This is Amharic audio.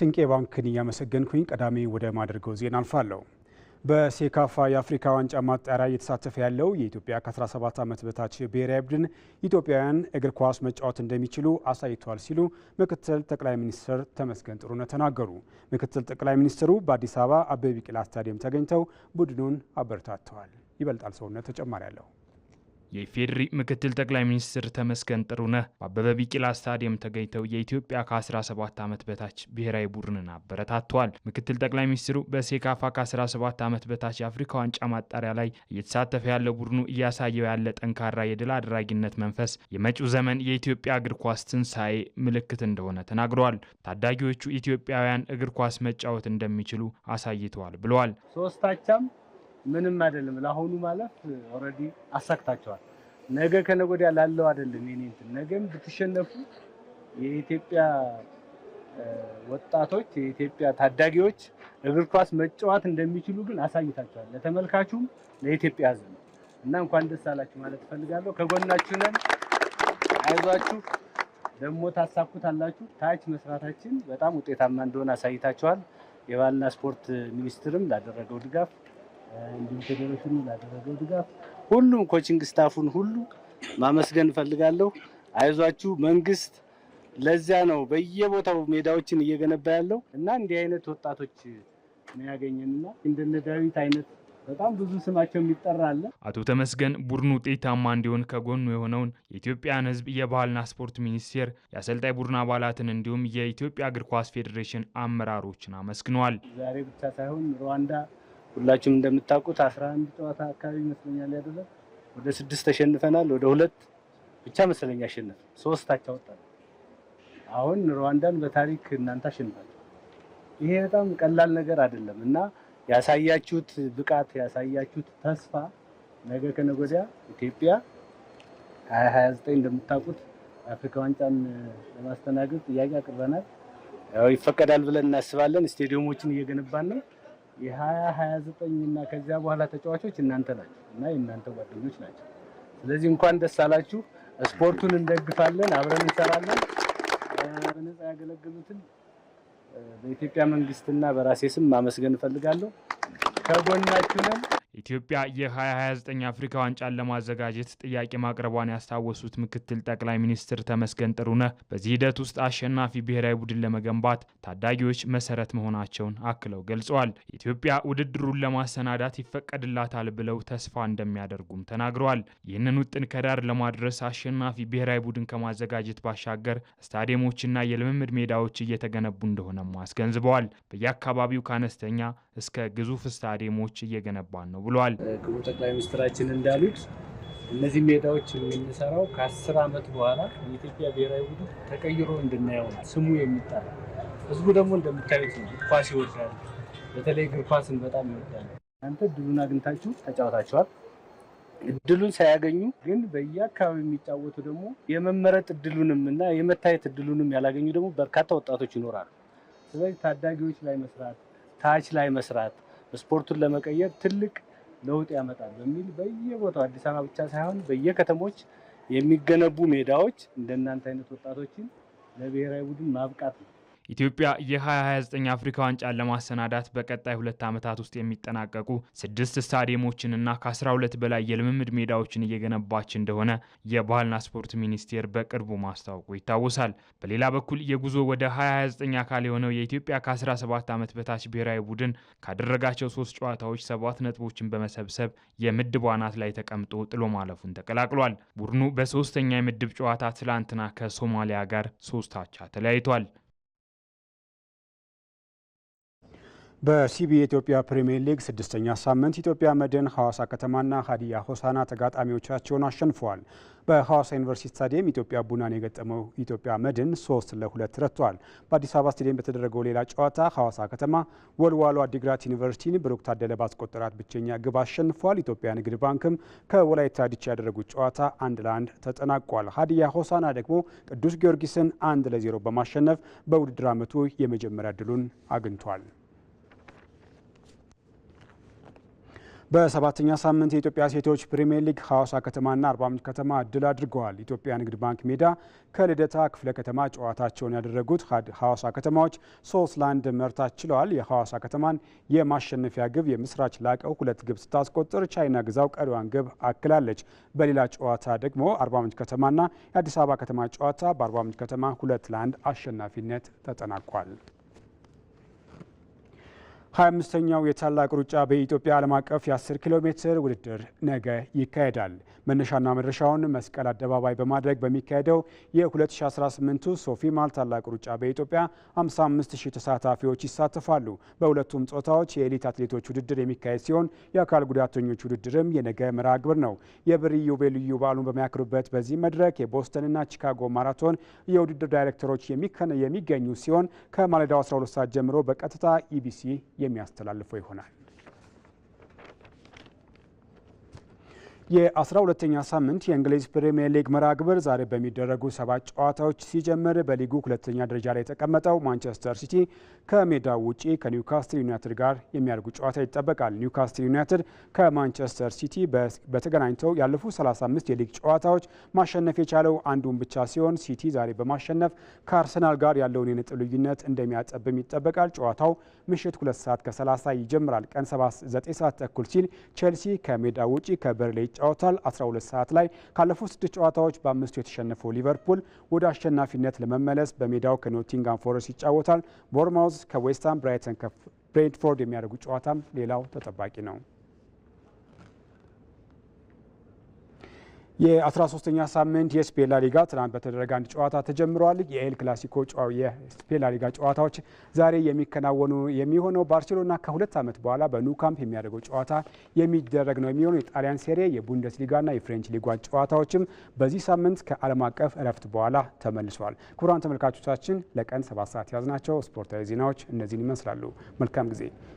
ስንቄ ባንክን እያመሰገንኩኝ ቀዳሚ ወደ ማደርገው ዜና አልፋለሁ። በሴካፋ የአፍሪካ ዋንጫ ማጣሪያ እየተሳተፈ ያለው የኢትዮጵያ ከ17 ዓመት በታች ብሔራዊ ቡድን ኢትዮጵያውያን እግር ኳስ መጫወት እንደሚችሉ አሳይቷል ሲሉ ምክትል ጠቅላይ ሚኒስትር ተመስገን ጥሩነህ ተናገሩ። ምክትል ጠቅላይ ሚኒስትሩ በአዲስ አበባ አበበ ቢቂላ ስታዲየም ተገኝተው ቡድኑን አበረታተዋል። ይበልጣል ሰውነት ተጨማሪ አለው የኢፌዴሪ ምክትል ጠቅላይ ሚኒስትር ተመስገን ጥሩነህ በአበበ ቢቂላ ስታዲየም ተገኝተው የኢትዮጵያ ከ17 ዓመት በታች ብሔራዊ ቡድንን አበረታተዋል። ምክትል ጠቅላይ ሚኒስትሩ በሴካፋ ከ17 ዓመት በታች የአፍሪካ ዋንጫ ማጣሪያ ላይ እየተሳተፈ ያለው ቡድኑ እያሳየው ያለ ጠንካራ የድል አድራጊነት መንፈስ የመጪው ዘመን የኢትዮጵያ እግር ኳስ ትንሣኤ ምልክት እንደሆነ ተናግረዋል። ታዳጊዎቹ ኢትዮጵያውያን እግር ኳስ መጫወት እንደሚችሉ አሳይተዋል ብለዋል። ሶስታቻም ምንም አይደለም። ለአሁኑ ማለፍ ኦልሬዲ አሳክታቸዋል። ነገ ከነገ ወዲያ ላለው አይደለም የኔ እንትን። ነገም ብትሸነፉ የኢትዮጵያ ወጣቶች የኢትዮጵያ ታዳጊዎች እግር ኳስ መጫወት እንደሚችሉ ግን አሳይታቸዋል። ለተመልካቹም ለኢትዮጵያ ሕዝብ እና እንኳን ደስ አላችሁ ማለት እፈልጋለሁ። ከጎናችሁ ነን፣ አይዟችሁ፣ ደግሞ ታሳኩታላችሁ። ታች መስራታችን በጣም ውጤታማ እንደሆነ አሳይታቸዋል። የባህልና ስፖርት ሚኒስትርም ላደረገው ድጋፍ እንዲሁም ፌዴሬሽኑ ላደረገው ድጋፍ ሁሉም ኮችንግ ስታፉን ሁሉ ማመስገን እፈልጋለሁ። አይዟችሁ መንግስት ለዚያ ነው በየቦታው ሜዳዎችን እየገነባ ያለው እና እንዲህ አይነት ወጣቶች ነው ያገኘንና እንደነ ዳዊት አይነት በጣም ብዙ ስማቸው የሚጠራ አለ። አቶ ተመስገን ቡድኑ ውጤታማ እንዲሆን ከጎኑ የሆነውን የኢትዮጵያን ሕዝብ የባህልና ስፖርት ሚኒስቴር፣ የአሰልጣኝ ቡድን አባላትን እንዲሁም የኢትዮጵያ እግር ኳስ ፌዴሬሽን አመራሮችን አመስግነዋል። ዛሬ ብቻ ሳይሆን ሩዋንዳ ሁላችሁም እንደምታውቁት አስራ አንድ ጨዋታ አካባቢ ይመስለኛል ያደረ ወደ ስድስት ተሸንፈናል። ወደ ሁለት ብቻ መሰለኝ አሸነፍ ሶስት አቻ ወጣን። አሁን ሩዋንዳን በታሪክ እናንተ አሸንፋችሁ ይሄ በጣም ቀላል ነገር አይደለም እና ያሳያችሁት ብቃት ያሳያችሁት ተስፋ ነገ ከነገ ወዲያ ኢትዮጵያ 29 እንደምታቁት እንደምታውቁት አፍሪካ ዋንጫን ለማስተናገድ ጥያቄ አቅርበናል። ያው ይፈቀዳል ብለን እናስባለን። ስቴዲየሞችን እየገነባን ነው። የሀያ ሀያ ዘጠኝ እና ከዚያ በኋላ ተጫዋቾች እናንተ ናቸው እና የእናንተ ጓደኞች ናቸው። ስለዚህ እንኳን ደስ አላችሁ። ስፖርቱን እንደግፋለን፣ አብረን እንሰራለን። በነፃ ያገለግሉትን በኢትዮጵያ መንግስትና በራሴ ስም ማመስገን እፈልጋለሁ። ከጎናችሁ ነን። ኢትዮጵያ የ2029 አፍሪካ ዋንጫን ለማዘጋጀት ጥያቄ ማቅረቧን ያስታወሱት ምክትል ጠቅላይ ሚኒስትር ተመስገን ጥሩነህ በዚህ ሂደት ውስጥ አሸናፊ ብሔራዊ ቡድን ለመገንባት ታዳጊዎች መሰረት መሆናቸውን አክለው ገልጸዋል። ኢትዮጵያ ውድድሩን ለማሰናዳት ይፈቀድላታል ብለው ተስፋ እንደሚያደርጉም ተናግረዋል። ይህንን ውጥን ከዳር ለማድረስ አሸናፊ ብሔራዊ ቡድን ከማዘጋጀት ባሻገር ስታዲየሞችና የልምምድ ሜዳዎች እየተገነቡ እንደሆነም አስገንዝበዋል። በየአካባቢው ከአነስተኛ እስከ ግዙፍ ስታዲየሞች እየገነባን ነው ብሏል። ክቡር ጠቅላይ ሚኒስትራችን እንዳሉት እነዚህ ሜዳዎች የምንሰራው ከአስር ዓመት በኋላ የኢትዮጵያ ብሔራዊ ቡድን ተቀይሮ እንድናየው ስሙ የሚጠራ ህዝቡ ደግሞ እንደምታዩት ነው፣ ኳስ ይወዳል። በተለይ እግር ኳስን በጣም ይወዳል። እናንተ እድሉን አግኝታችሁ ተጫውታችኋል። እድሉን ሳያገኙ ግን በየአካባቢው የሚጫወቱ ደግሞ የመመረጥ እድሉንም እና የመታየት እድሉንም ያላገኙ ደግሞ በርካታ ወጣቶች ይኖራሉ። ስለዚህ ታዳጊዎች ላይ መስራት ታች ላይ መስራት ስፖርቱን ለመቀየር ትልቅ ለውጥ ያመጣል በሚል በየቦታው አዲስ አበባ ብቻ ሳይሆን በየከተሞች የሚገነቡ ሜዳዎች እንደናንተ አይነት ወጣቶችን ለብሔራዊ ቡድን ማብቃት ነው። ኢትዮጵያ የ2029 አፍሪካ ዋንጫን ለማሰናዳት በቀጣይ ሁለት ዓመታት ውስጥ የሚጠናቀቁ ስድስት ስታዲየሞችንና ከ12 በላይ የልምምድ ሜዳዎችን እየገነባች እንደሆነ የባህልና ስፖርት ሚኒስቴር በቅርቡ ማስታወቁ ይታወሳል። በሌላ በኩል የጉዞ ወደ 2029 አካል የሆነው የኢትዮጵያ ከ17 ዓመት በታች ብሔራዊ ቡድን ካደረጋቸው ሶስት ጨዋታዎች ሰባት ነጥቦችን በመሰብሰብ የምድቡ አናት ላይ ተቀምጦ ጥሎ ማለፉን ተቀላቅሏል። ቡድኑ በሶስተኛ የምድብ ጨዋታ ትላንትና ከሶማሊያ ጋር ሶስት ተለያይቷል። በሲቢ የኢትዮጵያ ፕሪምየር ሊግ ስድስተኛ ሳምንት ኢትዮጵያ መድን፣ ሐዋሳ ከተማና ሀዲያ ሆሳና ተጋጣሚዎቻቸውን አሸንፈዋል። በሐዋሳ ዩኒቨርሲቲ ስታዲየም ኢትዮጵያ ቡናን የገጠመው ኢትዮጵያ መድን ሶስት ለሁለት ረቷል። በአዲስ አበባ ስታዲየም በተደረገው ሌላ ጨዋታ ሐዋሳ ከተማ ወልዋሎ አዲግራት ዩኒቨርሲቲን ብሩክ ታደለ ባስቆጠራት ብቸኛ ግብ አሸንፏል። ኢትዮጵያ ንግድ ባንክም ከወላይታ ዲቻ ያደረጉት ጨዋታ አንድ ለአንድ ተጠናቋል። ሀዲያ ሆሳና ደግሞ ቅዱስ ጊዮርጊስን አንድ ለዜሮ በማሸነፍ በውድድር ዓመቱ የመጀመሪያ ድሉን አግኝቷል። በሰባተኛ ሳምንት የኢትዮጵያ ሴቶች ፕሪምየር ሊግ ሐዋሳ ከተማና አርባ ምንጭ ከተማ ድል አድርገዋል። ኢትዮጵያ ንግድ ባንክ ሜዳ ከልደታ ክፍለ ከተማ ጨዋታቸውን ያደረጉት ሐዋሳ ከተማዎች ሶስት ለአንድ መርታት ችለዋል። የሐዋሳ ከተማን የማሸነፊያ ግብ የምስራች ላቀው ሁለት ግብ ስታስቆጥር ቻይና ግዛው ቀሪዋን ግብ አክላለች። በሌላ ጨዋታ ደግሞ አርባ ምንጭ ከተማና የአዲስ አበባ ከተማ ጨዋታ በአርባ ምንጭ ከተማ ሁለት ለአንድ አሸናፊነት ተጠናቋል። 25ኛው የታላቅ ሩጫ በኢትዮጵያ ዓለም አቀፍ የ10 ኪሎ ሜትር ውድድር ነገ ይካሄዳል። መነሻና መድረሻውን መስቀል አደባባይ በማድረግ በሚካሄደው የ2018 ማል ታላቅ ሩጫ በኢትዮጵያ 55000 ተሳታፊዎች ይሳተፋሉ። በሁለቱም ጾታዎች የኤሊት አትሌቶች ውድድር የሚካሄድ ሲሆን የአካል ጉዳተኞች ውድድርም የነገ መርሃ ግብር ነው። የብር ኢዮቤልዩ በዓሉን በሚያክሩበት በዚህ መድረክ የቦስተንና ቺካጎ ማራቶን የውድድር ዳይሬክተሮች የሚገኙ ሲሆን ከማለዳው 12 ሰዓት ጀምሮ በቀጥታ ኢቢሲ Y en mi astral le fue Jonás. የ12ኛ ሳምንት የእንግሊዝ ፕሪምየር ሊግ መርሃ ግብር ዛሬ በሚደረጉ ሰባት ጨዋታዎች ሲጀምር በሊጉ ሁለተኛ ደረጃ ላይ የተቀመጠው ማንቸስተር ሲቲ ከሜዳው ውጪ ከኒውካስትል ዩናይትድ ጋር የሚያደርጉ ጨዋታ ይጠበቃል። ኒውካስትል ዩናይትድ ከማንቸስተር ሲቲ በተገናኝተው ያለፉ 35 የሊግ ጨዋታዎች ማሸነፍ የቻለው አንዱን ብቻ ሲሆን ሲቲ ዛሬ በማሸነፍ ከአርሰናል ጋር ያለውን የነጥብ ልዩነት እንደሚያጠብም ይጠበቃል። ጨዋታው ምሽት 2 ሰዓት ከ30 ይጀምራል። ቀን 79 ሰዓት ተኩል ሲል ቼልሲ ከሜዳው ውጪ ከበርሌ ይጫወታል። 12 ሰዓት ላይ ካለፉት ስድስት ጨዋታዎች በአምስቱ የተሸነፈው ሊቨርፑል ወደ አሸናፊነት ለመመለስ በሜዳው ከኖቲንጋም ፎረስት ይጫወታል። ቦርማውዝ ከዌስትሃም፣ ብራይተን ከብሬንትፎርድ የሚያደርጉ ጨዋታም ሌላው ተጠባቂ ነው። የ13ኛ ሳምንት የስፔን ላሊጋ ትናንት በተደረገ አንድ ጨዋታ ተጀምረዋል። የኤል ክላሲኮ የስፔን ላሊጋ ጨዋታዎች ዛሬ የሚከናወኑ የሚሆነው ባርሴሎና ከሁለት ዓመት በኋላ በኑ ካምፕ የሚያደርገው ጨዋታ የሚደረግ ነው የሚሆነው። የጣሊያን ሴሬ ሊጋና የፍሬንች ሊጓን ጨዋታዎችም በዚህ ሳምንት ከዓለም አቀፍ እረፍት በኋላ ተመልሰዋል። ክቡራን ተመልካቾቻችን ለቀን ሰባት ሰዓት ያዝናቸው ስፖርታዊ ዜናዎች እነዚህን ይመስላሉ። መልካም ጊዜ